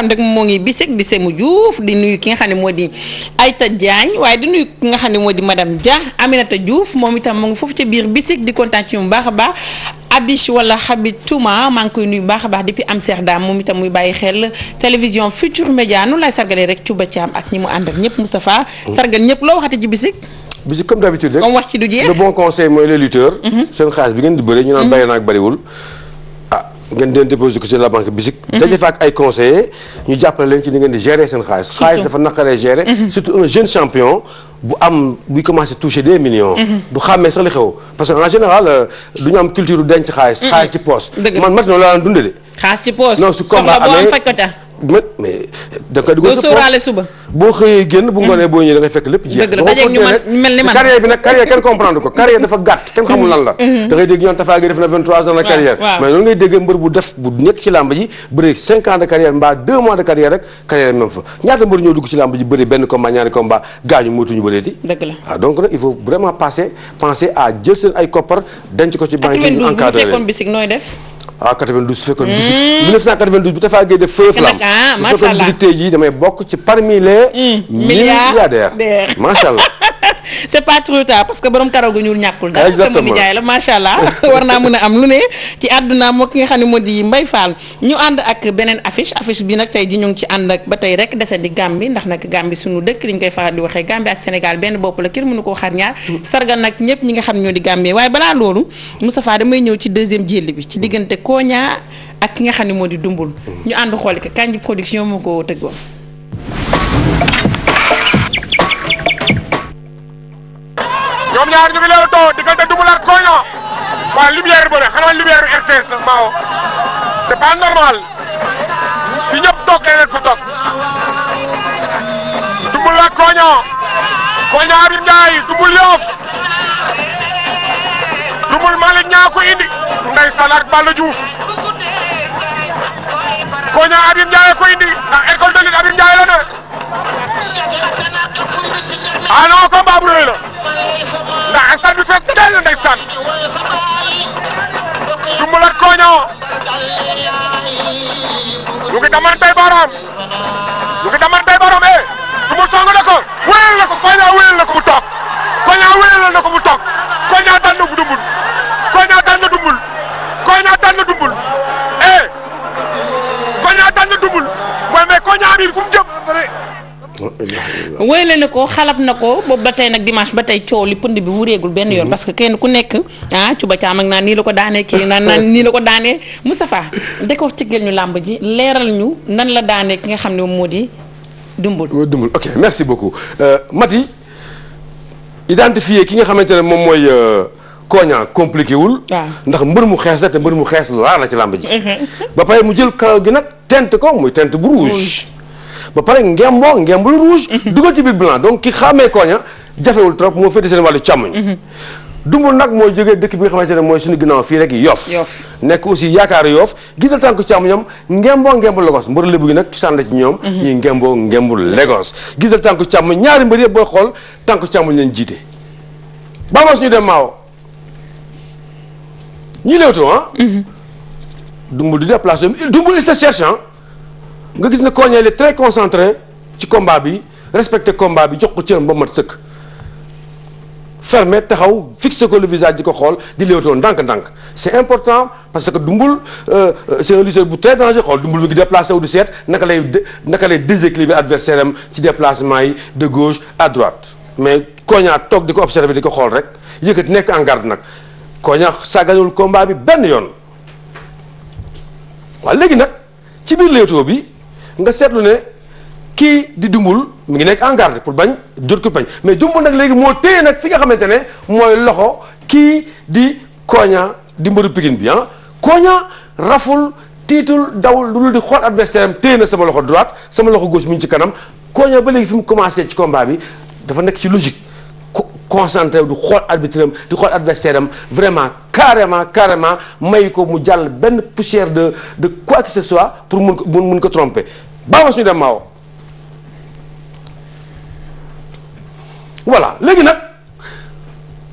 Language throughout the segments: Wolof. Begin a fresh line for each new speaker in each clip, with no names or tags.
xam rek moo ngi biseeg bise mu ne moo di Aïta Diagne waaye di nuyu ki moom itam mu ngi foofu biir biseeg di kontaan ci mu baax a baax Abish wala Habib Touma maa ngi koy nuyu baax a baax depuis Amsterdam moom itam muy bàyyi xel télévision Futur Média nu lay sargalee rek Touba Thiam ak ñi mu àndal ñëpp Moustapha. Mm. sargal ñëpp loo waxati ci bisik.
bisik comme d'habitude rek comme wax ci du jeex. Mm-hmm. seen xaalis bi ngeen di bëri ñu naan mm-hmm. bàyyi naa ak bëriwul ah, ngeen deen déposé ko ci la banque bisique mhm. daje fa ak ay conseillers ñu jàppale leen ci ni ngeen di gérer seen xaalis xaalis dafa naqaree gérer mhm. surtout un jeune champion bu am buy commencé toucher des millions mhm. du xàmmee sax li xew parce en général euh, du ñu am culture denc xaalis xaalis ci poche man mat noonu daan dundee de xaalis ci poche non su combat amee mais da nga ko dugal. sóoraale suba boo xëyee génn bu ngoonee boo ñëwee da ngay fekk lépp jeex. dëgg la dajeeg ñu man carrière bi nag kenn comprendre ko carrière dafa gàtt kenn xamul lan la. Mhm. da dégg ñoom Tafa gi def na 23 ans de carrière. mais loolu ngay dégg mbër bu def bu nekk ci làmb ji bëri 5 de carrière mbaa 2 mois de carrière rek carrière même fa ñaata mbër ñoo dugg ci làmb ji bëri benn combat ñaari combat gaañu mootuñu bëreeti. dëgg la waaw ah, ko ci banque yi ñu ah 92 hmm. bu Tafa Gueye def feu flamme. Ah, allah bokk ci parmi les. Hmm. milliardaires macha allah.
c'est pas trop tard parce que borom karaw ñuul ñàkkul dara sama nijaay la macha allah war naa mën a am lu ne ci àdduna moo ki nga xam ne moo di Mbaye Fall ñu ànd ak beneen affiche affiche bi nag tey di ñu ngi ci ànd ak ba tey rek dese di Gambie ndax nag Gambie suñu dëkk li ñu koy faral di waxee Gambie ak Sénégal benn bopp la kër mënu koo xar ñaar hmm. sargal nag ñëpp ñi nga xam ñoo di Gambie waaye balaa loolu Moustapha damay ñëw ci deuxième jël bi ci diggante Koña ak ki nga xam ne moo di dumbul. Mm. ñu ànd xooli ko Kandji production moo ko tëggoon. ñoom
ñaar ñu ngi leew diggante dumbul ak Koña waaye lumière bi rek xanaa lumière RTS Mbao c'est pas normal fi ñëpp toog dumbul ak Koña Koña Habib Ndiaye dumbul Yoff. Ibul Malik ñaa ko indi ndeysaan ak Balla Diouf koña Abim Ndiaye indi ndax école de lutte Abim Ndiaye la ne ah non bu rëy la ndax stade bi fees dal la ndeysaan dumbalat koña ñu ngi damantay baram ñu ngi damantay baram eh dumbal song na na ko koña na ko mu toog koña wéyal na ko mu toog
Eh,
wéyle na ko xalab na ko boobu ba tey nag dimanche ba tey coow li pënd bi wureegul benn yoon mm-hmm. parce que kenn ku nekk ah Cuba Caam ak naan nii la ko daanee kii naan naan nii la ko daanee Moustapha décortiquer ñu làmb ji leeral ñu nan la daanee ki nga xam ne moom moo di
dumbul oh, dumbul ok merci beaucoup euh, Mati identifier ki nga xamante ne moom mooy euh, koña compliqué wul ndax mbër mu xees la te mbër mu xees lu raar la ci làmb ji
mm-hmm.
ba pare mu jël karaw gi nag tent ko muy tent bu ba pare ngemboo ngembul rouge. Mhm. dugal ci biir blanc donc ki xàmmee koña jafewul trop moo féete seen càmm càmmoñ. Mhm. dumbul nag mooy jógee dëkk bi nga xamante ne mooy suñu ginnaaw fii rek yof nekk aussi yaakaar yoof gisal tànk càmmoñam ngemboo ngembu Lagos mbër lébu gi nag cosaan la ci ñoom mhm. ñuy ngemboo ngembu gis gisal tànk càmm ñaari mbër yëpp booy xool tànk càmmoñ leen jiite baa ma suñu dem maawo ñi léewtu ah dumbul di déplacé dumbul il nga gis ne Kogne la très concentré ci combat bi respecté combat bi jox ko cëram ba mat sëkk fermé taxaw fixé ko le visage di ko xool di léewtoon ndànk-ndànk c'est important parce que Doumbul euh, euh, c'est un bu très dangereux xool Doumbul bi ngi déplacé naka lay naka lay déséquilibrer adversaire am ci déplacement yi de gauche à droite mais Kogne toog di ko observé di ko xool rek yëkkati nekk en garde nag Kogne sàgganul bi benn yoon waaw léegi nag ci biir léewtoo bi. nga seetlu ne kii di dumbul mu ngi nekk en pour bañ jot ko bañ mais dumbul nag léegi moo téye nag fi nga xamante ne mooy loxo kii di koña di mbaru pikin bi ah koña raful tiitul dawul lu dul di xool adversaire am téye na sama loxo droite sama loxo gauche mu ngi ci kanam koña ba léegi fi mu commencé ci combat bi dafa nekk ci logique concentré du xool arbitre am di xool adversaire am vraiment carrément carrément may ko mu jàll benn poussière de de quoi que soit pour mun ko mun ko tromper baawas ñu dem Mawo voilà léegi nag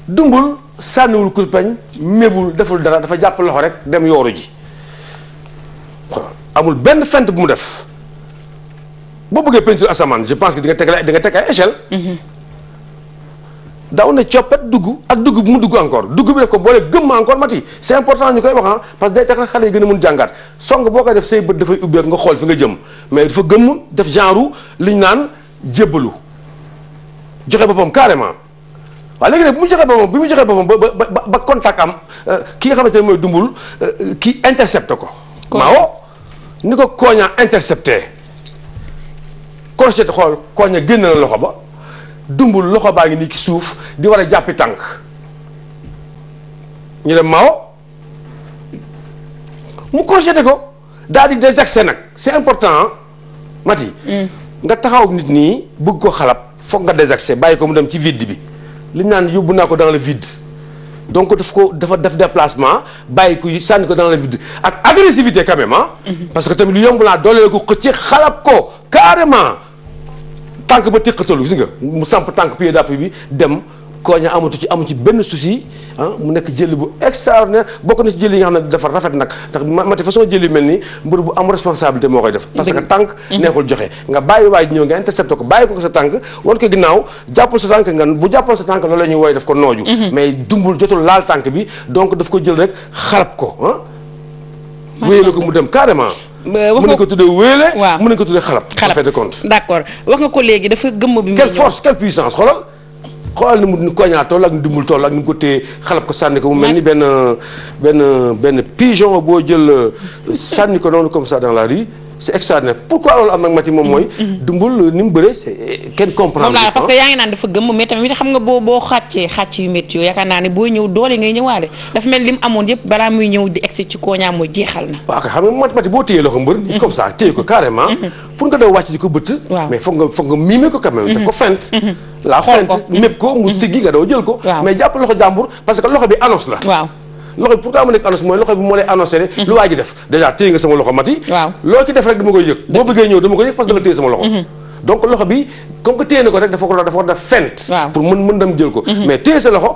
dumbul sànniwul kurpeñ mébul deful dara dafa jàpp loxo rek dem yooru ji amul benn fent bu mu def boo bëggee peinture asamaan je pense que di nga teg di nga teg ay échelle mm-hmm. daw na coppet dugg ak dugg bu mu dugg encore dugg bi def ko boole gëmm encore mati c'est important ñu koy wax ah parce que day tax xale yi gën a mun jàngaat song boo koy def say bët dafay ubbi nga xool fi nga jëm mais dafa gëmm def genre liñ naan jébbalu joxe boppam carrément waaw léegi nag bu mu joxe boppam bi mu joxe boppam ba ba ba contact am euh, ki nga xamante ne mooy dumbul euh, ki intercepté ko. maawo ni ko kooñaa intercepté. crochet xool kooña génn loxo ba. dumbul loxo baa ngi nii ci suuf di war a jàppe tànk ñu dem Mao mu crocheté ko daal di désaxé nag c'est important Mati mm. nga taxaw ak nit nii bugg ko xalab foog nga désaxé bàyyi ko mu dem ci vide bi li mu naan yóbbu naa ko dans le vide donc daf ko dafa def déplacement bàyyi ko sànni ko dans le vide ak agressivité quand même ah. parce que tamit lu yomb laa dooleel ko xëcc xalab ko carrément. tànk ba téqatalu gis nga mu samp tànk pied d'appui bi dem koña amatu ci amu ci benn souci ah mu nekk jël bu extraordinaire bokk na ci jëli yi nga xam ne dafa rafet nag ndax mati façon jëli mel nii mbër bu am responsabilité moo koy def parce que tànk mhm. neexul joxe nga bàyyi waay ñëw nga intercepté ko bàyyi ko sa tànk wan ko ginnaaw jàppal sa tànk nga bu jàppal sa tànk loolu ñu ñuy wooy daf ko nooju mhm. mais dumbul jotul laal tànk bi donc daf ko jël rek xalab ko ah ko mu dem carrément wax nga ko tuddee wéele. waaw mën nañu ko tuddee xalab. xalab fait de compte. d'accord wax nga ko léegi dafa gëmm bi. quelle force quelle puissance xoolal. xoolal ni mu ni koñaa toll ak ni dumbul toll ak ni mu ko téye xalab ko sànni ko mu mel ni benn benn benn pigeon boo jël sànni ko noonu comme ça dans la rue. c' est extraordinaire pourquoi loolu am ak Mati moom mooy. Mm-hmm. Mm-hmm. dumbul ni mu bëree c' est
moom laa xam nga boo boo xàccee xàcc yu métti yooyu yaakaar naa ne booy ñëw doole ngay ñëwaale dafa mel ni amoon yëpp balaa muy ñëw di egsi ci mooy jeexal na.
waaw xam nga Mati boo téyee loxo mbër. Mm-hmm. comme ça téye ko carrément. pour nga daw wàcc di ko bëtt. mais foog nga foog nga mimer ko quand même. ko fent. la fent mépp ko mu siggi nga daw jël ko. mais que loxo bi annonce loxo bi pourquoi mu nekk annonce mooy loxo bi moo lay annoncé ne mhm. lu waa ji def déjà téye nga sama loxo mati waaw loo ci def rek dama koy yëg boo bëggee ñëw dama koy yëg parce que da mhm. sama loxo mhm. donc loxo bi comme que téye na ko rek dafa ko dafa war a fent pour mën mën dem jël ko mais téye sa loxo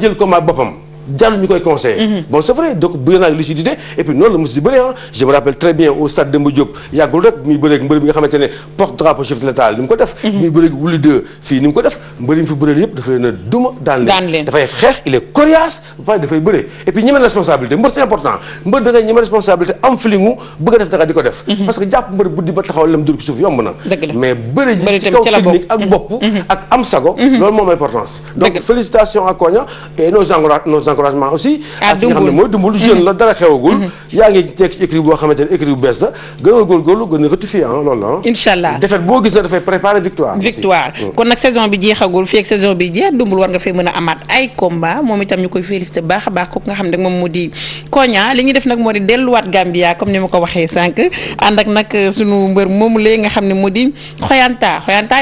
jël ko maa boppam jarul ñu koy conseillé. Mhm. bon c'est vrai donc bëri naa ak lucidité et puis noonu la mos di bëree ah je me rappelle très bien au stade Demba Diop yàggul rek muy bëree bi nga xamante ne porte drapeau chef de l'état ni mu ko def. Mhm. muy bëree ak Wuli 2 fii ni mu ko def mbëri yi mu fi bëree yëpp dafa leen a xeex il est coriace ba pare dafay bëree et puis ñemeen responsabilité mbër c'est important mbër da ngay responsabilité am filingu bëgg a def dara encouragement aussi ah, ak ki nga dumbul mm-hmm. la dara xewagul mm-hmm. yaa ngi nekk ci écrit boo xamante ne écrit bu bees la gënal góorgóorlu a rectifier ah loolu la ah.
incha allah défaite boo gis na dafay
préparer victoire victoire
kon nag saison bi jeexagul fii ak saison bi jeex dumbul war nga fee mën a amaat ay combat moom itam ñu koy félicité baax a bi kooku nga xam ne moom moo di Kogna li ñuy def nag di delluwaat Gambia comme ni ma ko waxee sànq ànd ak nag euh, sunu mbër moomu léegi nga xam ne moo di xoyanta xoyanta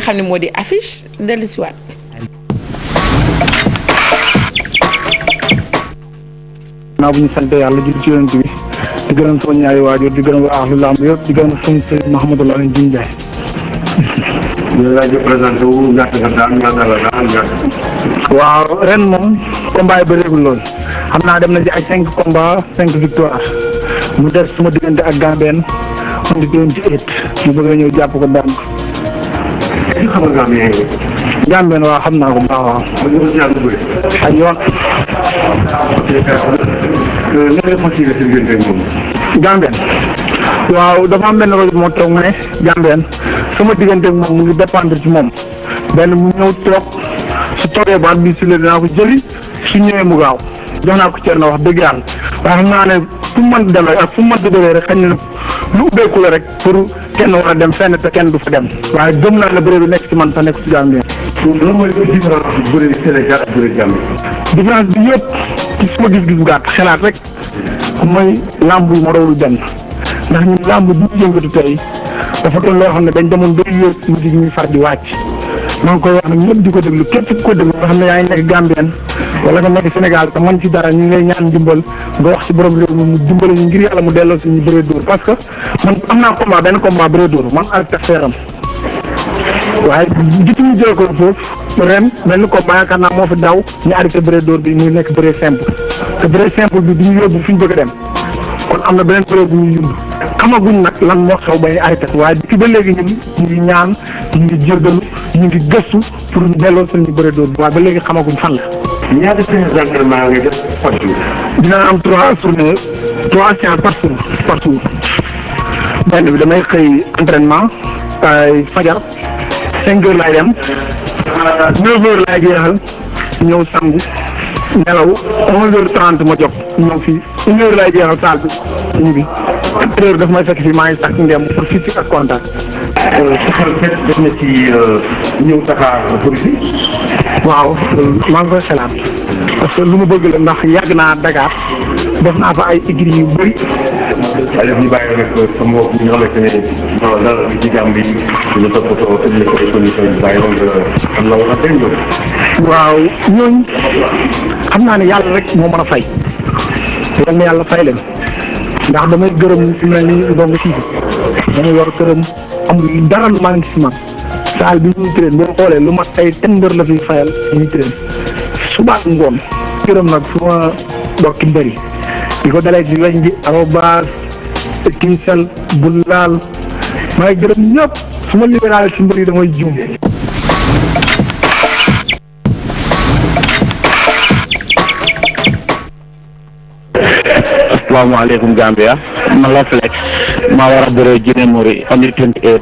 a moo di
naa bu ñu sant yàlla jël ci yonent bi di gërëm sama ñaari waajur di gërëm di gërëm sama sëriñ Mahamadou Lamine Dieng Ndiaye.
ñu laa la daal gàtt.
waaw ren moom
combat yi bëreegul lool xam naa dem na ci ay cinq combats cinq victoire mu des suma diggante ak Gambien mu diggoon ci éet mu bëgg a ñëw jàpp daan ko. est-ce naa ko bu baax waaw. nan la fas yéene si diggante moom. Jambeen waaw dafa am benn rajo moo toog ma ne Jambeen sama diggante moom mu ngi dépendre ci moom benn mu ñëw toog su toogee baat bi si la dinaa ko jëli su ñëwee mu gaaw jox naa ko cër na wax dëgg yàlla waaye xam naa ne fu mu mënti demee ak fu mu mënti demee rek xañ na lu ubbeeku rek pour kenn war a dem fenn te kenn du fa dem waaye gëm naa ne bëre bi nekk ci man sax nekk ci Jambeen. loolu mooy différence bi bëre Sénégal ak bëre Gambie. différence bi yëpp ci sama gis-gis bu gàtt xalaat rek mooy làmb yi ma doon benn ndax ñun làmb bi ñu yëngatu tey dafa doon loo xam ne dañ demoon ba yéeg musique ñuy far di wàcc maa ngi koy wax nag ñëpp di ko déglu képp ku ko déglu nga xam ne yaa ngi nekk Gambien wala nga nekk Sénégal te man ci dara ñu ngi lay ñaan dimbal nga wax ci borom réew mi mu dimbale ñu ngir yàlla mu delloo suñu bëree dóor parce man am naa combat benn combat bëree dóor man ak waaye jiitu ñu jël ko foofu ren mel ni combat yaakaar naa moo fi daw ñu arrêté bëre dóor bi muy nekk bëre simple te bëre simple bi du ñu yóbbu fi ñu bëgg dem kon am na beneen bëre bu ñuy yóbbu xamaguñ nag lan moo xew bay arrêté waaye ci ba léegi ñun ñu ngi ñaan ñu ngi jéggalu ñu ngi gëstu pour ñu delloo suñu bëre dóor bi waaye ba léegi xamaguñ fan la. ñaata séance
d'entraînement nga def par
dinaa am trois journées trois séances par jour bi damay xëy entraînement ay fajar. cinq heures laay dem neuf heures laay jeexal sangu nelaw onze heures trente ma jot ñëw fii une heure laay jeexal saal bi ñu bi quatre heures may fekk fii maa ngi sax ci ndem pour fii ci ak contact euh, soxal fet def na ci euh, ñëw Dakar pour bi waaw maa ngi koy xalaat parce lu ma bëgg la ndax yàgg naa Dakar def naa fa ay igri yu bëri
xale bi ñu bàyyi rek sama bopp ñi nga xamante ne non dara bi ci jàmm bi ñu toppatoo indi ko ay solution yu bàyyi loolu am na war a tey ñoom. waaw
ñooñu
xam naa ne yàlla rek moo mën a fay. yal na yàlla fay leen. ndax damay gërëm fi mu ne nii ndongo si dañu yor këram amul dara lu maa ngi gis man saal bi ñuy train boo xoolee lu mat ay tender la fi fayal ñuy train suba ak ngoon gërëm nag fu ma dokki bëri di ko dalee ci weñ bi arobas tiisal bu laal maay gërëm ñëpp su ma libéral ci mbir yi damay juum. asalaamaaleykum Gambia man
Flex maa war a bëree Jine Mori on the 28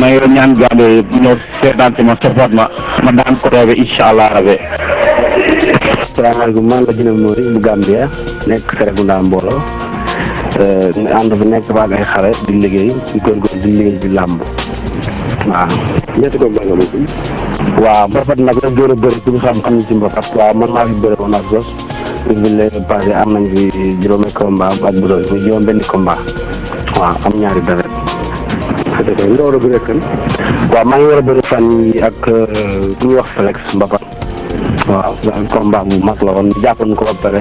maa ngi ñaan Gambia yëpp ñëw ma support ma ma daan ko roobe incha allah rabe. asalaamaaleykum man la Jine Mori bu Gambia nekk Serekunda mbooloo. Euh, ànd fa nekk baag ay xare di liggéey di góorgóorlu di liggéey di làmb waaw. ñetti ko mbaa nga mujj. waaw mbapat nag dafa gën a bëri ku ñu xam xam ci mbapat man maa fi bëri woon ak am nañ fi juróomi combat ak bu doon muy juróom benni combat waaw am ñaari deret. dëgg la loolu bi maa ngi war a bëri fan yi ak euh, ku ñuy wax Flex mbapat. waaw daal combat bu mag la woon jàppoon ko ba pare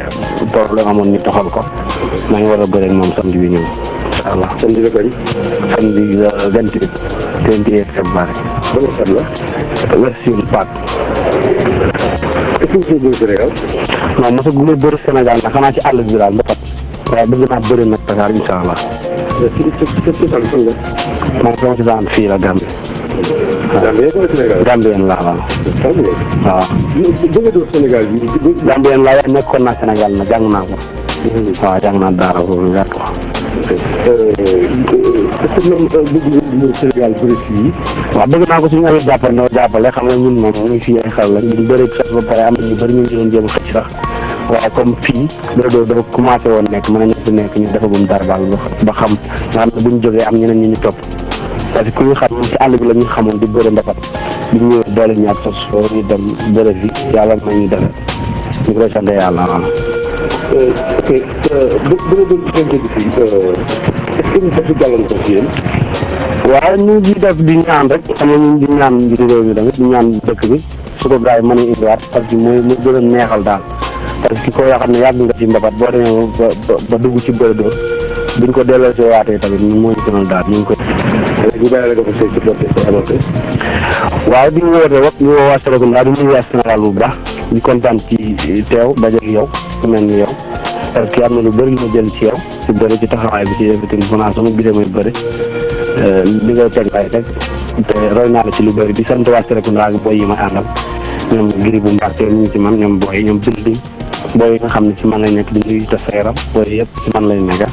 problème amoon ñu toxal ko maa ngi war a bëre moom samedi bi ñëw incha allah samedi la kañ. samedi euh, la vingt huit. vingt huit februari. ban fan la. Ousseynou Paak. nag xanaa ci àll bi daal mbapat. waaye bëgg naa bëri allah. mais fii ci sa sa Gambien laa waaw. waaw. Sénégal bi. Gambien laa waaye nekkoon naa Sénégal na jàng naa ko. waaw jàng naa daara boobu yàgg ko.
Sénégal bëri fii.
waaw bëgg naa ko suñu amee jàppale noo jàppale xam nga ñun moom muy fii ay xel la ñu bëri sax ba pare am ñu bëri ñu ngi doon jéem xëcc sax. waaye comme fii loolu doo dafa commencé woon nekk mën a nekk nekk ñu defagum dara daal ba xam nga xam ne bu ñu jógee am ñeneen ñu ñu topp. parce que ñu xam ne ci àll bi la xamoon di bëre mbapat bi ñu ñëwee doole ñaak sos foo ñu dem bëre fi yàlla ma ñu defe ñu koy sant yàlla am euh, euh, di ñaan rek xam nga ñu di ñaan njiitu réew mi tamit di ñaan dëkk bi su ko yi mën a indiwaat parce que mooy mu gën neexal daal parce que koo xam ne yàgg nga ci mbapat boo demee ba dugg ci bëre dóor buñ ko delloo si waatee tamit ñu mooy gënal daal ñu ngi koy léegi bu bàyyi la nga fa see supporté say amoon waaw di ñu woote rek ñu di nuyu waa Sénégal bu baax di kontaan ci teew dajeeg yow ku mel ni yow parce am na lu bëri lu ma jël ci ci bëri ci bi ci yëkkati euh, naa sama gisee muy bëri li nga ci lu bëri di sant waa Serekunda ak booy yi ma àndal ñoom giri bu Mbacke ñu ngi ci man ñoom booy ñoom building booy yi nga xam ne ci man lay nekk di nuyu tas sa yaram booy yëpp ci man lay nekk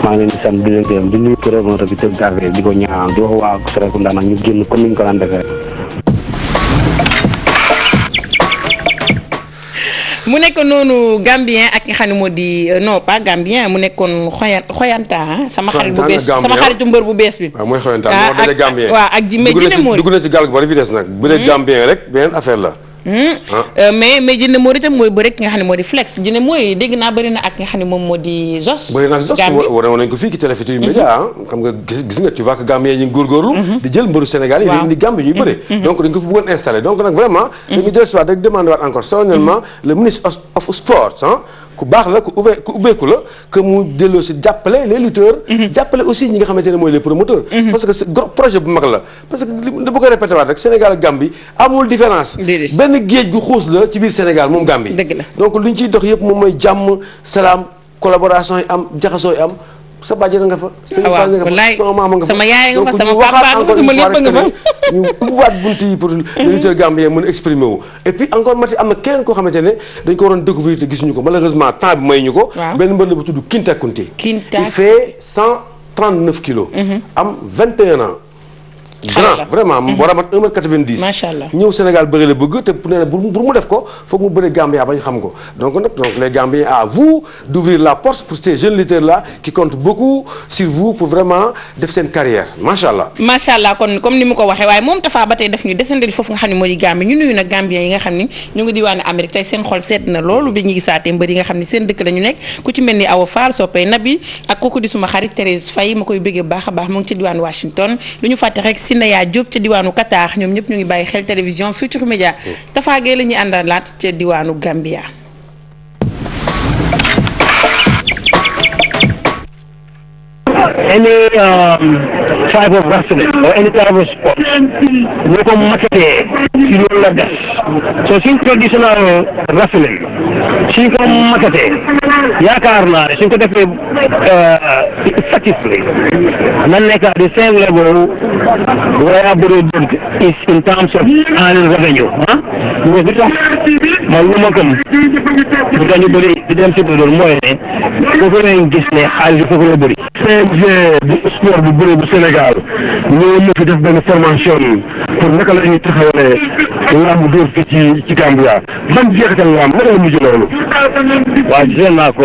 maa ngi leen di sant di leen gërëm di nuyu promoteur
mu nekk noonu Gambien ak nga xam ne moo di euh, non Gambien mu nekkoon xoyan xoyanta ah, sama xarit bu bees sama xaritu mbër bu bees bi. waaw mooy xoyanta ah, moo dajee Gambien waaw ak ji mais dugg na ci dugg
na ci gaal gu bari fi nag. bu dee hmm? Gambien rek beneen affaire la. Hmm? Ah.
Euh, mais mais Djine Mor itam mooy bëri ki nga xam ne moo di flex Djine mooy dégg naa bëri na ak nga xam ne moom moo di Zos. bëri na ak Zos wane
nañ ko fii ci Télé Futurs Médias mhm. ah. xam nga gis nga tu vois que Gambien ñu ngi góorgóorlu. Mhm. di jël mbëru Sénégal yi dañu di Gambie ñuy bëri. Mhm. donc dañ ko fi bëggoon installé donc nag vraiment. dañu dellusiwaat rek demandé waat encore solennellement le ministre of sport ah. ku baax la ku ubbe ku ubbeeku la que mu delloo si jàppale les lutteurs mhm. jàppale aussi ñi nga xamante ne mooy les promoteurs mhm. parce que gros projet bu mag la parce que da bëgg a répété waat rek Sénégal ak amul différence benn géej gu xuus la ci biir Sénégal moom Gambie donc li ñu ciy dox yëpp moom mooy jàmm salaam collaboration yi am jaxasoo yi am sa bàjjana nga fa. Ah, waaw wallaay sama yaay nga fa sama papa nga fa sama lépp nga fa ñu ubbiwaat bunt yi pour militaire gambien mën a exprimer wu. et puis encore mati am na keneen koo xamante ne dañ ko waroon découvrir te gisuñu ko malheureusement temps bi may ñu ko. benn mbër la bu tudd Kinta Kunte. Kinta il fait 139 kilos. Mm-hmm. am 21 ans. grand mhm. a mat 1 mètre 90. macha allah ñëw Sénégal bëri la bëgg te nee na pour mu def ko foog mu bëri Gambia ba ñu xam ko donc nag donc les a à vous d'ouvrir la porte pour ces jeunes lutteurs là qui comptent beaucoup sur vous pour vraiment def seen carrière macha allah.
macha allah kon comme ni mu ko waxee waaye moom Tafa ba tey daf ñu desandi foofu nga xam ne moo di ñu nuyu nag Gambien yi nga xam ni ñu ngi diwaanu Amérique tey seen xol sedd na loolu bi ñu gisaatee baax a baax mu Sinaya Diop ca diwaanu Qatar ñoom ñëpp ñu ngi bàyyi xel télévision Futurs Médias mm. Tafa Gueye la ñuy àndalaat ca diwaanu Gambia.
any um, type of wrestling or any type of sport boo ko matee si loolu la des so suñ traditional wrestling suñ ko matee yaakaar naa ne suñ ko defee uh, effectively na nekk at the same level where Brode is in terms of annual revenue ah because li tax ma lu ma gëm li di dem si loolu mooy ne foofu lañ ne xaalis foofu la bëri CNG bu sport bu bëre bu Sénégal ñëwoon na fi def benn formation pour naka la ñuy taxawalee làmb dóor fii ci ci Gambia ban jeexital làmb naka la mujj loolu. waaw gisee naa ko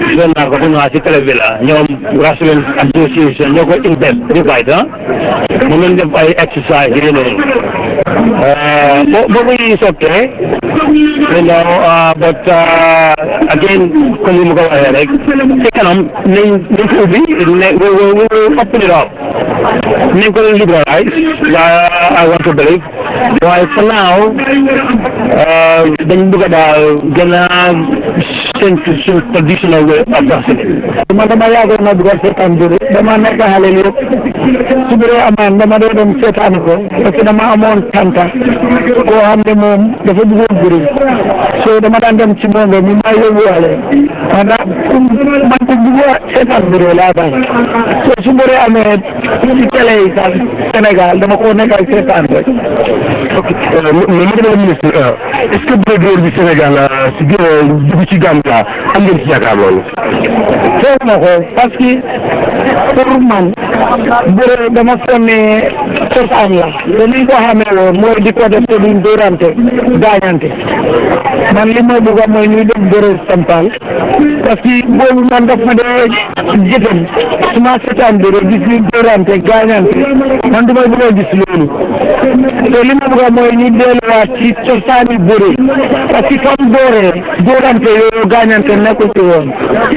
gisee naa ko dañu ci télé bi la ñoom Rasmine association ñoo ko invest di bàyyi ah mu leen def ay exercice yi movie is okay. You uh, but uh, again, kung hindi mo gawa yan, eh, like, teka lang, name, name ko ubi, we will open it up. Name ko yung libro, right? Uh, I want to believe. While for now, uh, dan buka dahil, seen traditional way of dancing ma dama yaagoon naa bëggoon seetaan dure dama nekk xale lépp su bëree amaan dama dee dem seetaan ko parce que dama amoon tanta koo xam ne moom dafa bëggoon dure so dama daan dem ci moom mi maa yóbbuwaale ma daan man ko bëggoon seetaan dure laa bañ so su amee ci télé yi sax Sénégal dama koo nekk ak seetaan rek ok euh, madame la ministre euh, est-ce que bëre dóor bi Sénégal euh, si dugg ci gàmm candidat am ngeen ci na ko parce que man bëre dama foog ni ñu ko xamee woon mooy di ko def te duñ dóorante gaañante man li ma bëgg mooy ñuy def bëre sampal parce que boobu man daf ma dee jëfam su ma seetaan bëre gis ñu dóorante gaañante man du ma a gis loolu te li ma bëgg mooy ñu delluwaat ci cosaani bëre parce que comme dooree dóorante yooyu gaañante nekkul ci woon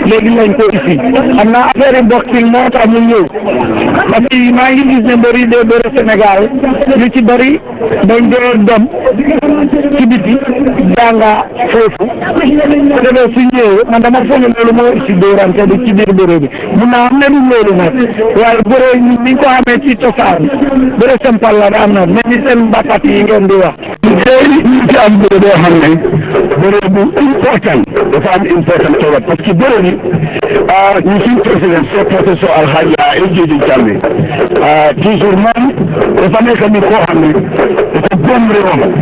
léegi lañ ko isi xam naa affaire boxing moo tax ñu ñëw parce maa ngi gis ne bëri de bëri Sénégal ñu ci bëri dañ dee dem ci biti jànga foofu su defee su ñëwee man dama foog ne moo isi dóorante bi ci biir bëre mun naa am ne du loolu nag waaye bëre ni ñu ko amee ci cosaan bëre sempal la am na mais ni seen batat yi ngeen di wax tey ñu ci am bëre boo ne bëre bu important dafa am important trop parce que bëre bi ah ñu suñ président c'est professeur Alhaji Ejeji Jammeh ah toujours moom dafa nekk ni koo xam ne dafa gëm réewam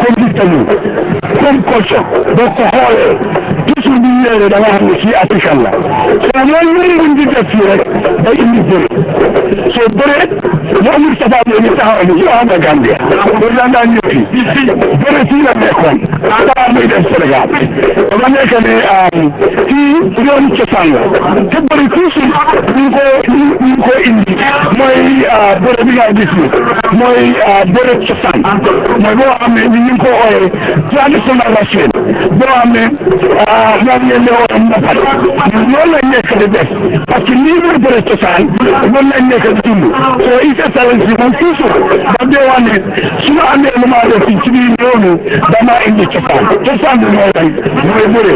comme dictalu comme culture boo ko xoolee toujours bu ñu da nga xam ne kii africain la. kon loolu yëpp ñu ngi def fii rek. day indi jël soo bëree bu amul sababu yi ñu taxaw ni yow am nga Gambia bu daan daan ñëw fii bëre fii la nekkoon daa muy def Sénégal dama nekk ne fii yoon cosaan la te bëri toujours ñu ko ñu ko indi mooy ah, bëre bi nga gis ni mooy ah, bëre cosaan mooy boo xam ne ñu ngi ko ooyee traditional wrestling boo xam ne moom ah, ngeen ne woon mbapat loolu la nekk di def parce que lii mooy nekkal cosaan mën nañ nekkal dund so isa talan si man toujours daf dee wax ne su ma amee lu ci biir réew mi damaa indi cosaan cosaan bi mooy lan mooy bëre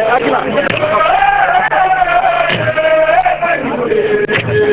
Thank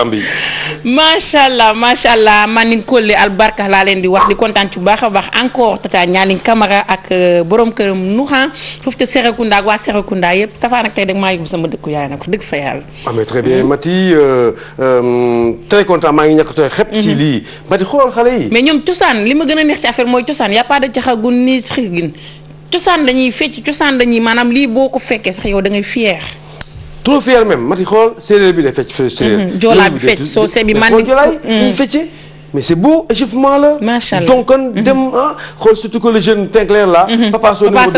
Bamb yi.
macha allah macha allah man ni Kole albarka laa wax di kontaan bu baax a baax encore tata ñaani Camara ak euh, borom këram Nuxan foofu ca Serekunda ak waa Serekunda yëpp tafaa nag tey dag maa yóbbu sama dëkku yaay nag wax dëgg fa yàlla.
ah mais très bien Mati euh, euh, très content maa ngi ñàkk tooy xep. ci mhm. lii
Mati xoolal xale yi. mais ñoom cosaan li ma gën a neex ci affaire mooy cosaan y a pas de caxagun ni xigin cosaan la ñuy fecc cosaan la maanaam lii boo ko fekkee sax yow da ngay
trop fier même mati xool séeréer bi de fecc séeréer joolaa bi fecc soose bi man di xool joolaay mm. mais c'est beau échauffement la. macha allah donc mhm. dem ah xool surtout que jeune teint clair là. Mhm. Papa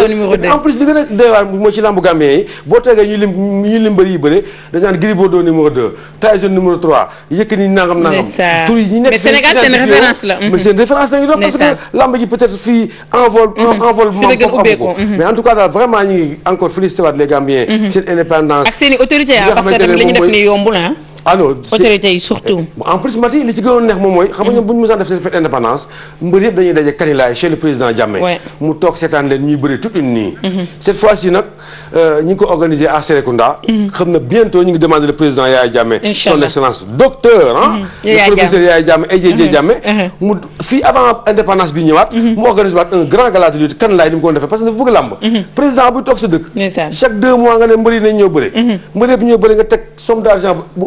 numéro 2 en plus li gën a doy mooy ci lambu Gambien yi boo tegee ñu lim yi bëri dañu naan Gris numéro 2 Tyson numéro 3 Yékini nangam nangam. tur yi ñu nekk mais Sénégal référence la. mais seen référence la ñu doon parce que lamb ji peut-être fii envol. Mhm. envolement ko mais en tout cas daal vraiment ñu ngi encore félicité waat les Gambiens. i autorités parce que tamit li ñu def ni alors autorité yi surtout. Eh, en plus Mati li ci gënoon neex moom mooy. xam nga ñoom bu ñu mosaan def seen fête indépendance mbër yëpp dañuy daje Kanilaay chez le président Jammeh. mu toog seetaan leen ñuy bëri toute une nuit. Mhm. cette fois ci nag euh, ñu ngi ko organisé à Serekunda. Mhm. xam na bientôt ñu ngi demandé le président Yaya Jammeh. son excellence docteur ah. le professeur Yaya Jammeh Ejiye Jammeh. mu fii avant indépendance bi ñëwaat. mu organisé waat un grand gala de lutte Kanilaay ni mu ko doon defee parce que dafa bëgg làmb. président buy toog sa dëkk. chaque deux mois nga ne mbëri nañ ñoo bëri. mbëri yëpp ñoo bëri nga teg somme d'argent bu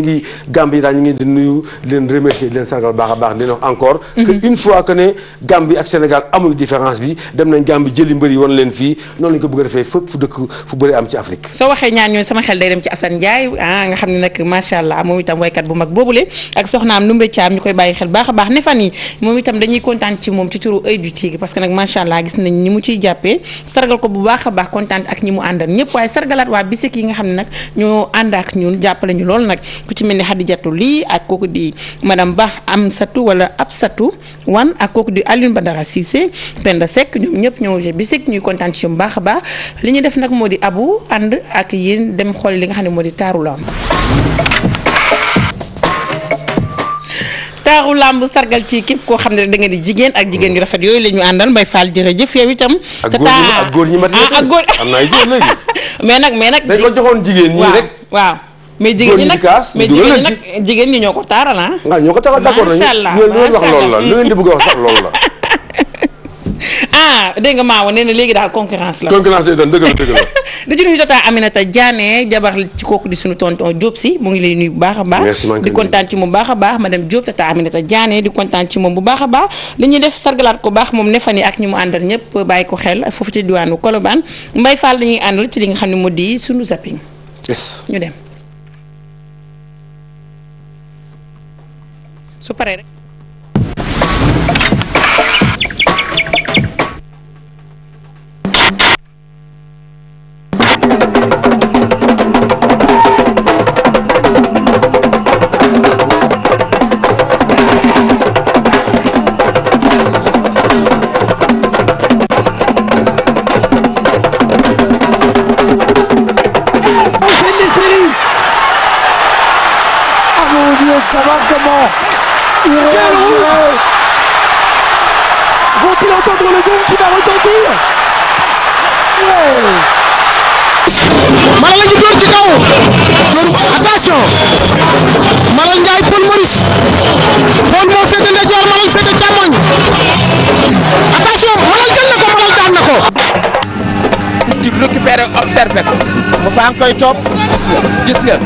ñi ngi Gambie daal ñu ngi di nuyu di leen remercier leen sargal baax a baax di mhm. bi dem nañ Gambie jëli mbër yi wan leen fii noonu lañ ko bëgg a defee fépp fu dëkk fu bëri am ci Afrique
soo waxee ñaan ñooñu sama xel day dem ci Assane Ndiaye ah ak ñu a baax a baax kontaan ak ñi mu àndal ñëpp waaye sargalaat waa bisik yi nga jàppale ñu lool nag ku ci mel ni Xadijatu lii ak kooku di madame Ba am satu wala ab satu wan ak kooku di Alioune Badara Cissé Penda Seck ñoom ñëpp ñoo ngi bisik ñuy kontaan ci bu baax baax li ñu def nag moo di abu ànd ak yéen dem xool li nga xam ne moo di taaru lamb taaru lamb sargal ci képp koo xam ne da di jigéen ak jigéen yu rafet yooyu la ñu àndal Mbaye Fall jërëjëf yow itam. te taa ak góor ñi mat ah, am na ay nag mais nag. dañ joxoon jigéen ñi rek mais jigéen ñi nag mais jigéen ñi nag jigéen ñi ñoo ko taaral ah. waaw
ah, ñoo ko taaral d'accord nañu lu leen wax loolu la lu leen di bëgg a wax sax loolu la.
ah dégg nga Maawa nee na léegi daal concurrence la. concurrence
lay doon dëgg la dëgg la.
di ci nuyu jotaa Aminata Diané jabar ci kooku di suñu tonton Diop si mu ngi lay nuyu bu baax a baax. merci di kontaan ci moom bu baax a baax madame Diop tata Aminata Diané di kontaan ci moom bu baax a baax. li ñuy def sargalaat ko baax moom ne fan yi ak ñi mu àndal ñëpp bàyyi ko xel foofu ci diwaanu Colobane Mbaye Fall dañuy àndal ci li nga xam ne moo di suñu zapping. yes ñu dem. su paree rek
Malal Ndiaye
nga koy topp. gis nga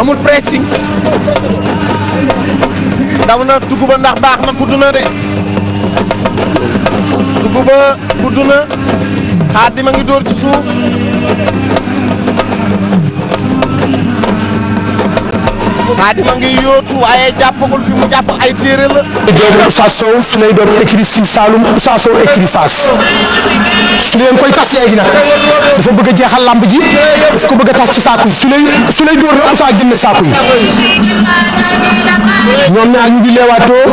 amul pressing. daw na dugg ndax baax na gudd na de. dugg gudd na xaar di ngi dóor ci suuf. Xaadim ma ngi yóotu waaye jàppagul fi mu jàpp ay téere la. doomu
su lay doon écrit si Saloum Oustaz Sow écrit su leen koy tas léegi nag dafa bëgg a jeexal làmp ji daf ko bëgg a tas ci saako yi su lay su lay dóor na Oustaz saako yi ñoom ñaar ñu ngi leewaatoo.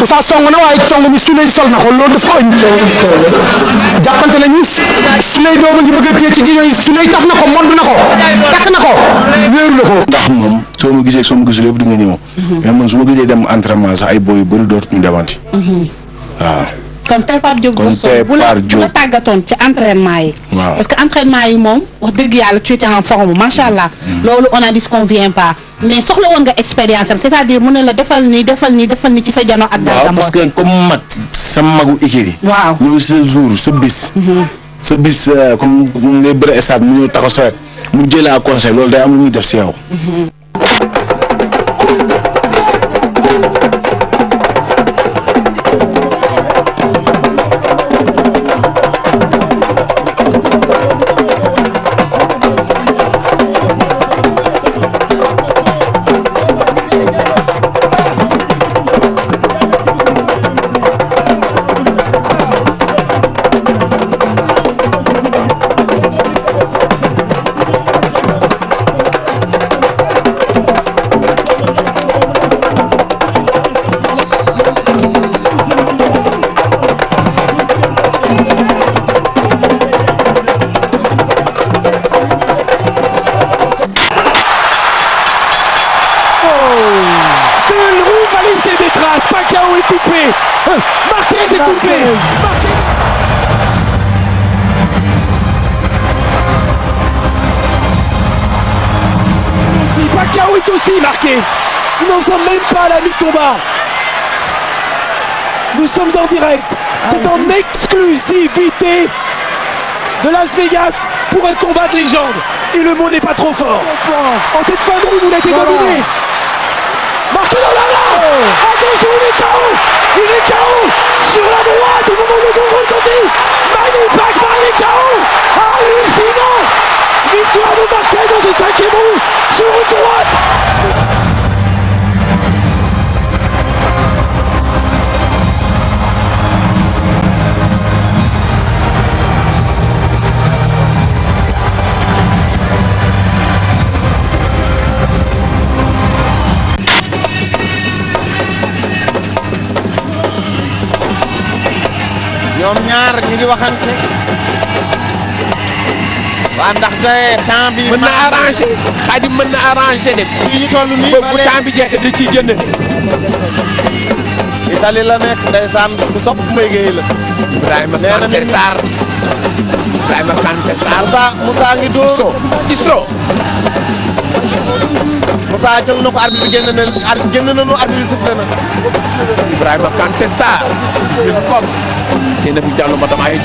Oustaz song na waaye song bi Souley sol na ko loolu daf ko ëñ jàppante nañu
Souley boobu ngi bëgg a téye ci ginnaaw yi Souley taf na
ko mond na ko takk na ko
wéeru na ko. ndax moom soo mu gisee soo ma gisul yëpp di nga ñëw. Mhm. mais man su ma gisee dem entraînement sax ay booy yu bëri dootuñu demante. Mhm. waaw.
kon Pépar Diop Bourson bu la bu la tàggatoon ci entraînement yi. parce que entraînement yi moom wax dëgg yàlla tu en forme macha allah. Mm-hmm. loolu on a dit pas. mais soxla woon nga expérience am c'est-à-dire mu ne la defal nii defal nii defal nii ci sa jano ak. waaw parce que
comme mag sa magu écrit. waaw ñëw sa jour sa bis. Mm-hmm. sa bis euh, comme mu ngi lay bëre stade mu ñëw taxaw sa mu jëlee ak conseil loolu day am lu muy def si
Bucky. marqué. Nous n'en sommes même pas à la mi-combat. Nous sommes en direct. C'est en exclusivité de Las Vegas pour un combat de légende. Et le mot n'est pas trop fort. En cette fin de roue, nous l'a été dominé. Marteau dans l'arrière Attention, il est KO
Il est KO Sur la droite, au moment où le gros retentit Manu Pacman est KO Hallucinant Victoire de Martin dans ce
ñoom ñaar ñu ngi waxante waa ndax te temps bi. mën na arrangé Xaadim mën na arrangé de. fii ñu toll nii ba bu temps bi jeexee da ngi dóor Cissó Cissó. Moussa jël na ko arbitre bi génn na arbitre génn nañu arbitre bi sifflé na. Ibrahima Kanté Sarr. Seynabou Diallo madame ay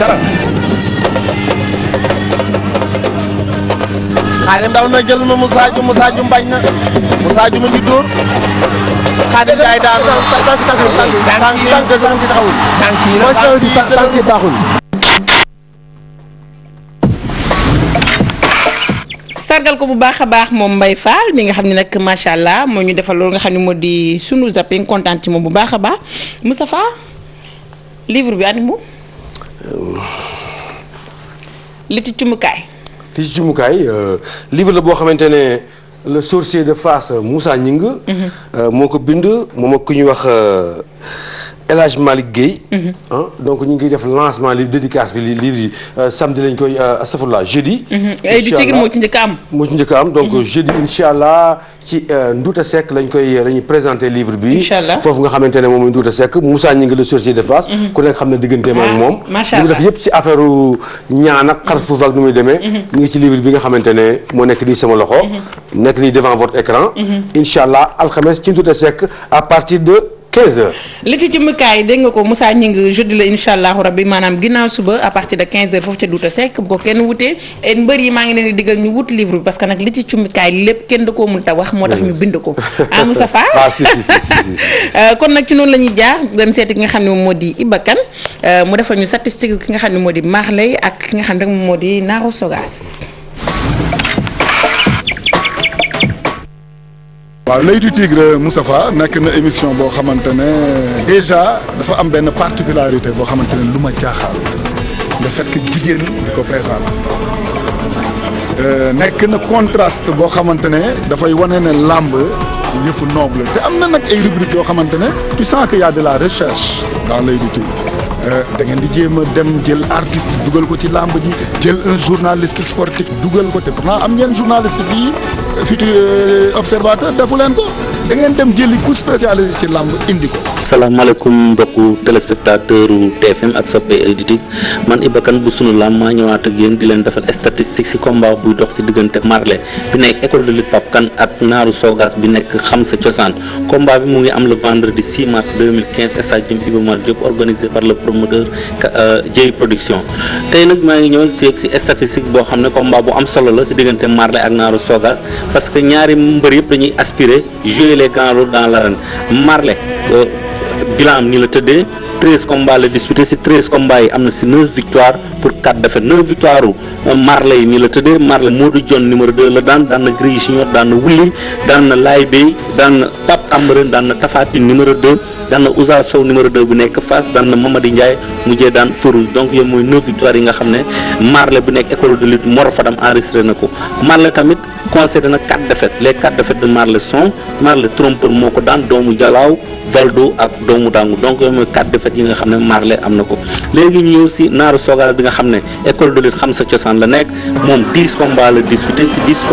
sargal ko bu baax a baax moom Mbaye Fall mi nga xam ne nag macha allah moo ñu defal loolu nga xam ne moo di sunu zapping kontaan ci moom bu baax a baax Moustapha livre bi animu li ci cumukaay.
li ci cumukaay euh, livre la boo xamante ne le sorcier de Fass Moussa Gningue. Mhm. Euh, moo ko bind moom ak ku ñuy wax. Euh, El Hadj Malick mhm. ah, donc ñu ngi def lancement livre dédicace bi livre yi euh, samedi lañ koy euh, astafurlah jeudi. Mhm. incha allah moo ci njëkk am. moo ci njëkk am donc mhm. jeudi incha allah ci euh, Nduta Seck lañ koy la ñuy présenter livre bi. incha allah foofu nga xamante ne moom mooy Nduta Seck Moussa ñu ngi le sorcier de face. ku nekk xam ne digganteem ak ah, moom. macha allah def yëpp ci affaire ñaan ak xar foofu ak nu muy demee. ñu ngi ci livre bi nga xamante ne moo nekk nii sama loxo. nekk nii devant votre écran. incha allah alxames ci Nduta Seck à partir de. 15 heures
li ci cimbukaay dégg nga ko Moussa Gningue jeudi la incha allahu rabbi maanaam ginnaaw suba à partir de 15 heures foofu ca Douta Seck bu ko kenn wutee mbër yi maa ngi leen di diggal ñu wut livre bi parce que nag li ci cimbukaay lépp kenn da koo mun ta wax moo tax ñu bind ko ah Moussa Fall ah, euh, kon nag ci noonu la ñuy jaar dem seeti ki nga xam ne moom moo di Iba Kane euh, mu defal ñu statistique ki nga xam ne moo di Marley ak ki nga xam ne rek moom moo di Naaru Sogas
waaw l'Oeil du Tigre Moustapha nekk na émission boo xamante ne déjà dafa am benn particularité boo xamante ne lu ma jaaxal le fekk que jigéen di ko présente euh, nekk na contraste boo xamante ne dafay wane ne làmb yëfu noble te am na nag ay rubrique yoo xamante ne tu sens que de la recherche dans l'Oeil du Tigre euh, da ngeen di jéem a dem jël artiste dugal ko ci làmb ji jël un journaliste sportif dugal ko te pourtant am ngeen journaliste fii futur euh, observateur defu leen ko da ngeen dem jëli ku spécialisé ci làmb indi ko.
asalaamaaleykum mbokku téléspectateur TFM ak sab ay man Iba Kane bu sunu làmb maa ñëwaat ak yéen di leen defal statistique si combat buy dox si diggante Marley bi nekk école de lutte Pape Kane ak Naaru Sogas bi nekk xam sa cosaan combat bi mu ngi am le vendredi 6 mars 2015 stade Iba Mar Diop organisé par le promoteur euh, Dieye production tey nag maa ngi ñëw si statistique boo xam ne combat bu am solo la si diggante Marley ak Naaru Sogas. parce que ñaari mbër yëpp dañuy aspirer jouer les grands rôles dans l'arène Marley euh, bilan am ni la tëddee treize combats la disputé si treize combats yi am na si neuf victoires pour quatre défaites neuf victoires u euh, Marley yi nii la tëddee Marley Modou John numéro deux la daan daan na Gris Junior daan na Wuli daan na laay Bey daan na Pape Ambrène daan na Tafatine numéro deux daan na Ousa Sow numéro 2 bu nekk Fass daan na Mamadi Ndiaye mujjee daan Farouz donc yooyu mooy 9 victoires yi nga xam ne Marley bu nekk école de lutte Mor Fadam enregistré na ko Marley tamit concédé na 4 défaites les 4 défaites de Marley sont Marley trompeur moo ko daan doomu Jalaaw Valdo ak doomu Dangu donc yooyu mooy 4 défaites yi nga xam ne Marley am na ko léegi ñëw si Naaru Sogal bi nga xam ne école de lutte xam sa cosaan la nekk moom 10 combats la disputé si 10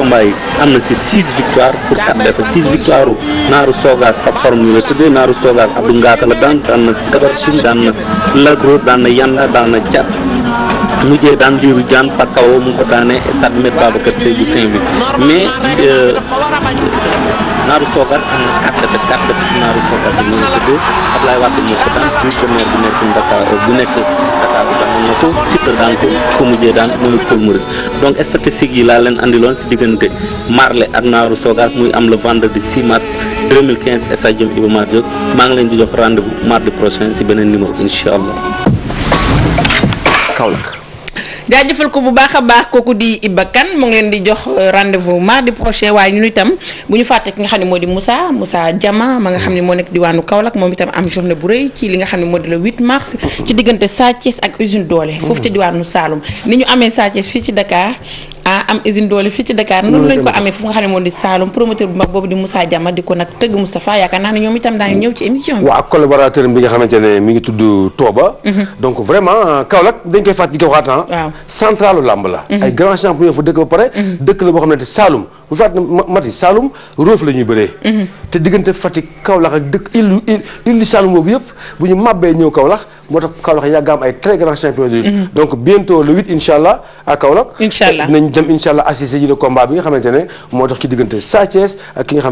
am na si 6 victoires pour 4 défaites 6 victoires naaru Sogas Abdou Ngaka la daan daan na Tafatine daan na Lagrosse daan na Yanda daan mujjee daan diiru jaan pakkawo mu ngi ko daane stade Me Babacar Sèye bu saint mais euh, Naaru Sogas am na quatre défaites Naaru Sogas bu nekk Dakar bu nekk Dakar bu daan ko Siteu daan ko ko mujjee daan mooy Paul Maurice donc statistiques yi laa leen andiloon si diggante Marley ak Naaru Sogas muy am le vendredi 6 mars 2015 stade Iba Mar Diop maa ngi leen di jox rendez-vous mardi prochain si beneen numéro incha allah.
jaajëfal ko bu baax a baax kooku di Iba Kane mu ngi leen di jox euh, rendez-vous mardi prochain waaye ñun itam bu ñu fàtte ki nga xam ne moo di Moussa Moussa Diama ma nga xam ne moo nekk diwaanu Kaolack moom itam am journée bu rëy ci li nga xam ne moo di le 8 mars ci diggante Sa Thiès ak usine doole foofu ca diwaanu Saloum ni ñu amee Sa Thiès fii ci Dakar ah am usine doole fii ci Dakar noonu lañ ko amee foofu nga xam ne moo di Saloum promoteur bu mag boobu di Moussa Diama di ko nag tëgg Moustapha yaakaar naa ne ñoom itam daañu ñëw ci émission bi waaw
collaborateur bi nga xamante ne mi ngi tudd Tooba mhm. donc vraiment euh, Kaolack dañ koy fàttali ko waxaat centralu làmb la mhm. ay grand champion fa dëkk ba pare mhm. dëkk la boo xam ne Saloum bu fàtt mati Saloum roof la ñuy bëree te diggante Fatick Kaolack ak dëkk illu illu Saloum yëpp bu ñu màbbee ñëw Kaolack moo tax Kaolack yàgg am ay très grands champions de lutte mhm. donc bientôt le 8 incha allah à Kaolack incha allah nañ dem incha allah assister ji le combat bi nga xamante ne moo tax ci Sa Thiès ak ki nga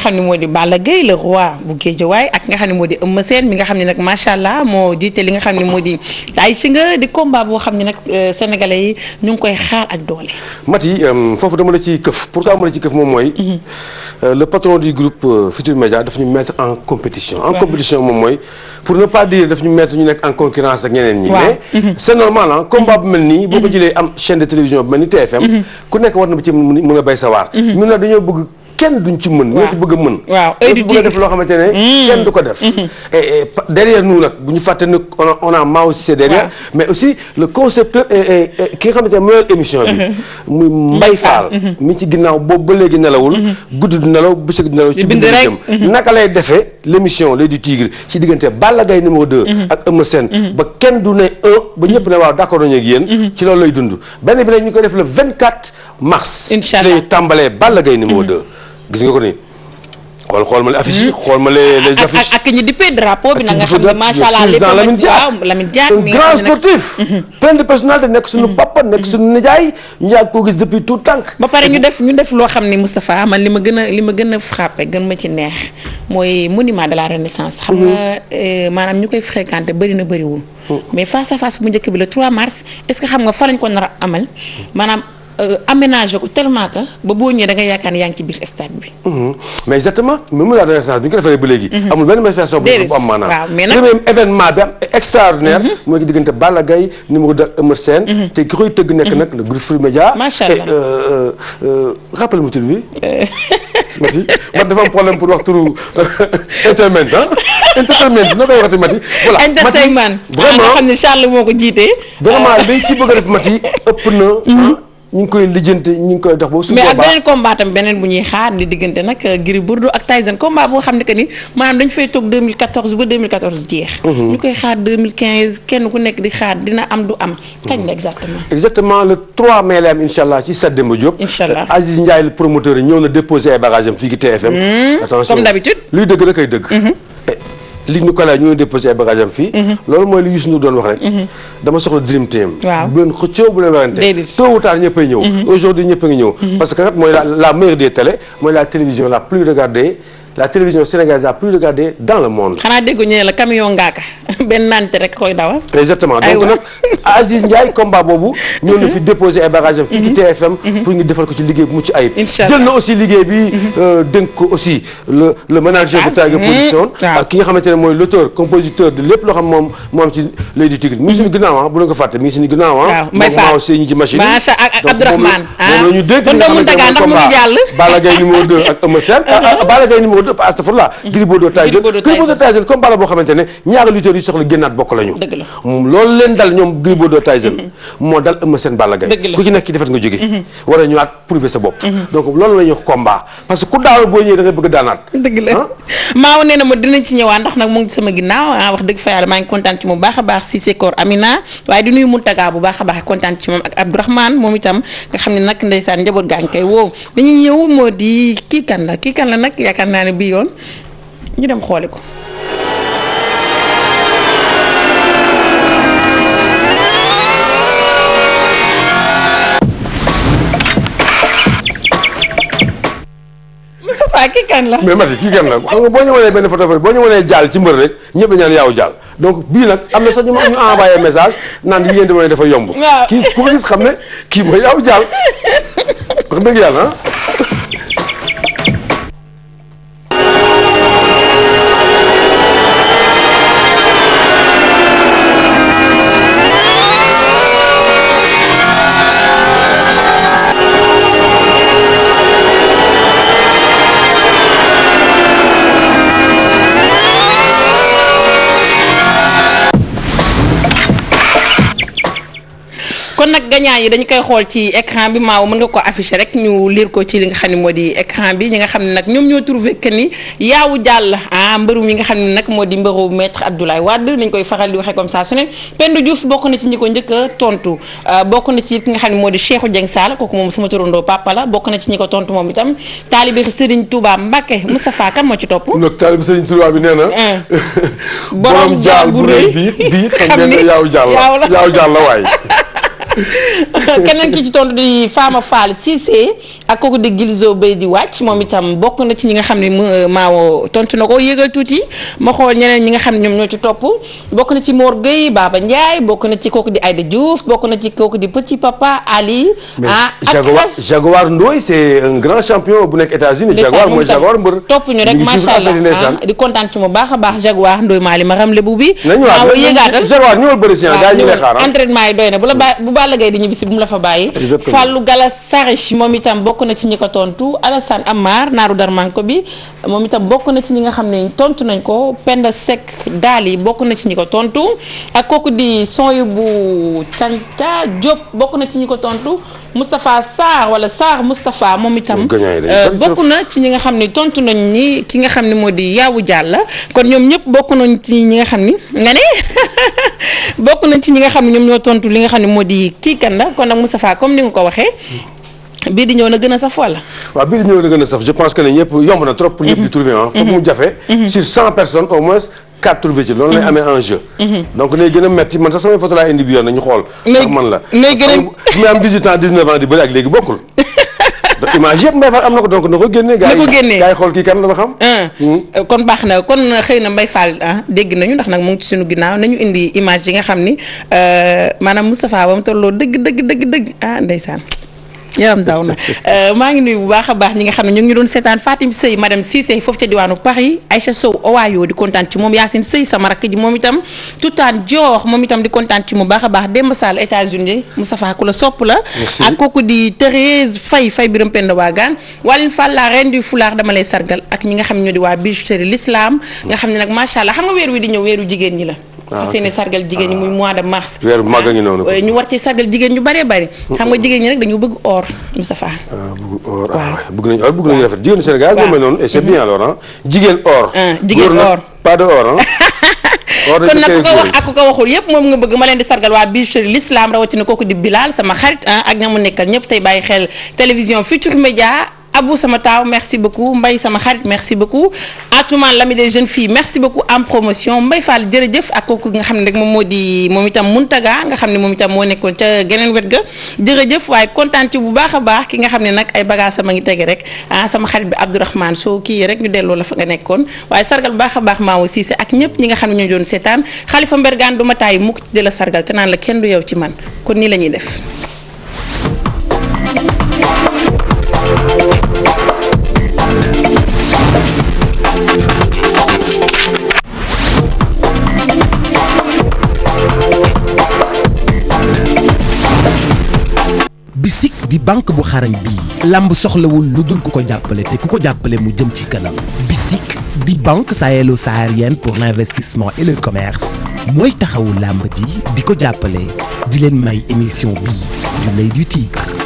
xam ne moo di Balla Gaye le roi bu Guédiawaye ak nga xam ne moo di Eumeu Sène mi nga xam ne nag macha allah moo jiite li nga xam ne moo di ay si nga di combat boo xam ne nag euh, sénégalais yi ñu ngi koy xaar ak doole
mat yi euh, foofu dama la ciy këf pourquoi ma la ciy këf moom mooy mhm. Euh, le patron du groupe euh, Futur Média daf ñu mettre en compétition en compétition moom mooy pour ne pas dire daf ñu mettre ñu nekk en concurrence ak ñeneen ñi mais mhm. c'est normal ah combat bu mel nii boo ko mhm. jëlee am chaîne de télévision bu mel ni TFM mhm. ku nekk war na ba ci mën a bay sa waar ñun nag dañoo bëgg kenn duñ ci mën ñoo ci bëgg a mën waaw ci bëgg a ne kenn du ko def mm. et derrière a Mao Cissé derrière mais aussi le concepteur ki nga xamante ne mooy émission bi muy Mbaye mm-hmm. ci ginnaaw ba léegi nelawul mm-hmm. guddi du nelaw bëccëg du nelaw ci bind jëm mm-hmm. naka lay defee ci diggante Balla ba kenn du ne un ne d' accord nañu ak yéen ci loolu lay dund benn bi nag ñu koy def le 24 mars. incha allah lay tàmbalee Balla Gaye numéro 2. Mm-hmm. gis nga ko ni xool xool ma les affiches mm-hmm. xool ma les les affiches.
ak ak ñi dippee drapeau bi nag nga xam ne macha allah lépp Lamine Diack Lamine Diack un grand sportif.
Mm-hmm. plein nekk suñu papa nekk suñu nijaay ñu yàgg koo gis depuis tout
tànk ba pare ñu def ñu def loo xam ne Moustapha man li ma gën a li ma gën a frappé gën ma ci neex mooy monument de la renaissance. xam nga euh, maanaam ñu koy fréquenté bëri na bëriwul. mais face à face bu njëkk bi la 3 mars est-ce que xam nga fa lañ ko nar a amal maanaam. Euh, aménagé ko tellement ba boo ñëwee da nga yaakaar ne yaa ngi ci biir stade bi.
Mhm. mais exactement même la renaissance bi ñu ba léegi. Mhm. amul benn manifestation bu am maanaam. waaw mais nag premier événement bi am extraordinaire. Mhm. mooy ki diggante Balla Gaye numéro 2 te ki koy tëgg nekk nag le groupe Full Media. macha allah te rappel mu tur bi. Euh. Mati man dafa am problème pour wax turu euh, entertainment ah entertainment noo koy waxati Mati. voilà entertainment vraiment ah, xam ne Charles moo ko jiite. vraiment liñ ci bëgg a def Mati ëpp na. ñu ngi koy lijjanti ñu ngi koy dox ba. su boobaa mais ak beneen
combat beneen bu ñuy xaar di diggante nag euh, Gris Bordeaux ak Tyson combat boo xam ne que ni maanaam dañu fay toog 2014 ba 2014 jeex. Mhm. ñu koy xaar 2015 kenn ku nekk di xaar dina am du am. kañ la exactement.
Mhm. exactement le 3 mai la am incha allah ci stade Demba Diop. incha allah euh, Aziz Ndiaye le promoteur ñëw na déposé ay bagages am fii ci TFM. Mhm. comme d'habitude koy dëgg. li ñu kalaay ñoo ay bagage fii mhm. loolu mooy li Youssou doon wax rek mhm. dama soxla dream team bu leen xëccoo bu leen werante tôt ñëw mhm. aujourd'hui ñëpp ngi ñëw parce que kat mooy la la meilleure des mooy la télévision la plus regardée la télévision sénégalaise la plus regardée dans le monde.
xanaa déggu ñu la camion benn naante rek koy dawal.
exactement donc nag Aziz Ndiaye combat boobu. ñoo na fi déposé ay barrage am. fii ci TFM. Mhm. Mhm. pour ñu defal ko ci liggéey bu mucc ayib. jël na aussi liggéey bi. Mhm. Euh, dénk ko aussi le le manager de ah, Tiger Production. Ah. ki nga xamante ne mooy l'auteur compositeur de lépp loo xam moom moom ci lay di tigri. mi ngi suñu ginnaaw ah, bu leen ko fàtte mi ngi suñu ginnaaw ah. mu ngi jàll. Balla Bordeaux astafurlah hmm. Gris Bordeaux Tyson Gris Bordeaux Tyson combat la boo xamante ne ñaari lutteurs yi soxla génnaat bokk la ñu hmm. hmm. a bëgg daanaat
dëgg la maaw nee na dinañ ci ñëwaat ndax nag mu sama ginnaaw ah wax dëgg fa maa ngi kontaan ci moom a a ak Abdourahmane moom itam nga xam ne nag ndeysaan njaboot gaa ngi koy woow dañuy ñëw moo di kii kan la kii kan la nag yaakaar naa ne bi yoon ñu dem xooli ko.
Moustapha kii kan la. mais Mati kii kan la xam nga boo ñu benn photo boo ñu wanee jàll ci mbër rek ñëpp dañu naan yaaw jàll donc bii nag am na sax ñu ma ñu envoyé message naan yi ngeen di wane dafa yomb. waaw kii ku gis xam ne kii mooy yaaw jàll wax dëgg yàlla ah.
nag gagnant yi dañu koy xool ci écran bi maaw mën nga ko afficher rek ñu liir ko ci li nga xam ne moo di écran bi ñi nga xam ne nag ñoom ñoo trouvé que ni yaawu jàll ah mbëru mi nga xam ne nag moo di mbëru maître Abdoulaye Wade nañ koy faral di waxee comme ça su ne Penda Diouf bokk na ci ñi ko njëkk a ah, bokk na ci ki nga xam ne moo di Cheikhou Dieng Sall kooku moom suma turandoo papa bokk na ci ñi ko tontu moom itam taalibi Serigne Touba Mbacké Moustapha kan moo ci topp nag
taalibi Serigne Touba bi nee na eh. borom jaal bu rëy bi xam ngeen yaawu jàll yaaw
keneen ki ci tontu di Fama Fall Cissé ak kooku di Gilzo Bay di wàcc moom itam bokk na ci ñi nga xam ne maawo tontu na ko yëgal tuuti ma xool ñeneen ñi nga xam ne ñoom ñoo ci topp bokk na ci Mor Gueye Baba Ndiaye bokk na ci kooku di Aïda Diouf bokk na ci kooku di Petit Papa Ali. ah Jaguar
Jaguar Ndoye c'est un grand champion bu nekk États-Unis Jaguar mbër
topp ñu rek macha allah ah, di kontaan ci mu baax a baax Jaguar Ndoye maa li ma xam lebu bi. nañu waaw yëgaatal Jaguar ñëwal bëri si ah, Balla Gaye di ñibbisi bu mu la fa bàyyi Fallou Gallasarich moom itam bokk na ci ñi ko tontu Alassane Amar naaru Darmanko bi moom itam bokk na ci ñi nga xam ne tontu nañ ko Penda Seck daal yi bokk na ci ñi ko tontu ak kooku di son yu bu Canta Diop bokk na ci ñi ko tontu Moustapha Sarr wala Sarr Moustapha moom itam euh, bokk na ci ñi nga xam ni tontu nañ ni ki nga xam ni moo di Yawou Dialla kon ñoom ñëpp bokk nañ ci ñi nga xam ni nga ne bokk nañ ci ñi nga xam ne ñoom ñoo tontu li nga xam ne moo di kii Kanda kon nag Moustapha comme ni nga ko waxee bii di ñëw na gën a saf wala.
waaw bii di ñëw na gën a saf je pense que ne ñëpp yomb na trop. pour ñëpp di mhm. trouver ah. mu jafe. Mhm. sur cent personnes au moins. carte trouvé ci loolu lay mhm. amee en jeu mhm. donc lay gën a metti man sax samay photo laa indi bi yoon nañu xool ndax man la léegi mais am 18 ans 19 ans di bëri ak léegi bokkul image yëpp Mbaye Fall am na ko donc na ko génnee gaa xool kii kan la xam ah. hmm.
euh, kon baax na kon xëy na mbay Fall ah dégg nañu ndax nag mu ngi ci suñu ginnaaw nañu indi image yi nga xam ni euh, maanaam Moustapha ba mu tolloo dëgg dëgg dëgg dëgg ah ndeysaan yaram daw na euh, maa ngi nuyu bu baax a baax ñi nga xam ne ñoo ngi doon seetaan Fatim Sey madame Cissé foofu ca diwaanu Paris Aïcha Sow Owayo di kontaan ci moom Yacine Sey sama rakk ji moom itam tutaan Dior moom itam di kontaan ci mu baax a baax demb Sall États-Unis Moustapha ku la sopp la ak kooku di Thérèse fay Faye Biram Penda waa Waline Fall la reine du dama lay sargal ak ñi nga xam ne ñoo di waa bijouterie l'islam nga xam ne nag macha allah xam nga wi di ñëw weeru jigéen ñi la ci ah, seeni sargal jigéen ñi muy ah. mois de mars
weer bu màgg ngi noonu euh,
ñu war ci sargal jigéen ñu bëree bëri xam nga jigéen ñi rek dañu bëgg or Moustapha
ah, bëgg or bëgg nañu or bëgg nañu rafet jigéenu Sénégal moom mel noonu et c'est mm-hmm. bien alors jigéen or jigéen or pas de or kon nag ku ko wax ak
ku ko waxul yépp moom nga bëgg ma leen di sargal waa bichri l'islam rawatina kooku di Bilal sama xarit ah ak ña mu nekkal ñëpp tey bàyyi xel télévision Futur Média Abou sama taaw merci beaucoup mbay sama xarit merci beaucoup Atouma l'ami des jeunes fii merci beaucoup en promotion Mbaye Fall jërëjëf ak kooku nga xam ne rek moom moo di moom itam Muntaga nga xam ne moom itam moo nekkoon ca geneen wet ga jërëjëf waaye kontaan ci bu baax a baax ki nga xam ne nag ay bagage sama ngi tege rek ah sama xarit bi Abdourahmane soo kii rek ñu delloo la fa nga nekkoon waaye sargal bu baax a baax Maawo Cissé ak ñëpp ñi nga xam ne ñoo doon seetaan Xalifa Mbergane du taay mukk te naan la kenn du yow ci man kon nii la ñuy def
bisik di banque bu xarañ bii lamb soxlawul lu dul ku ko jàppale te ku ko jàppale mu jëm ci kanam bisik di banque sahélo-saharienne pour l'investissement et le commerce mooy taxawul lamb ji di ko jàppale di leen may émission bii du l'Oeil du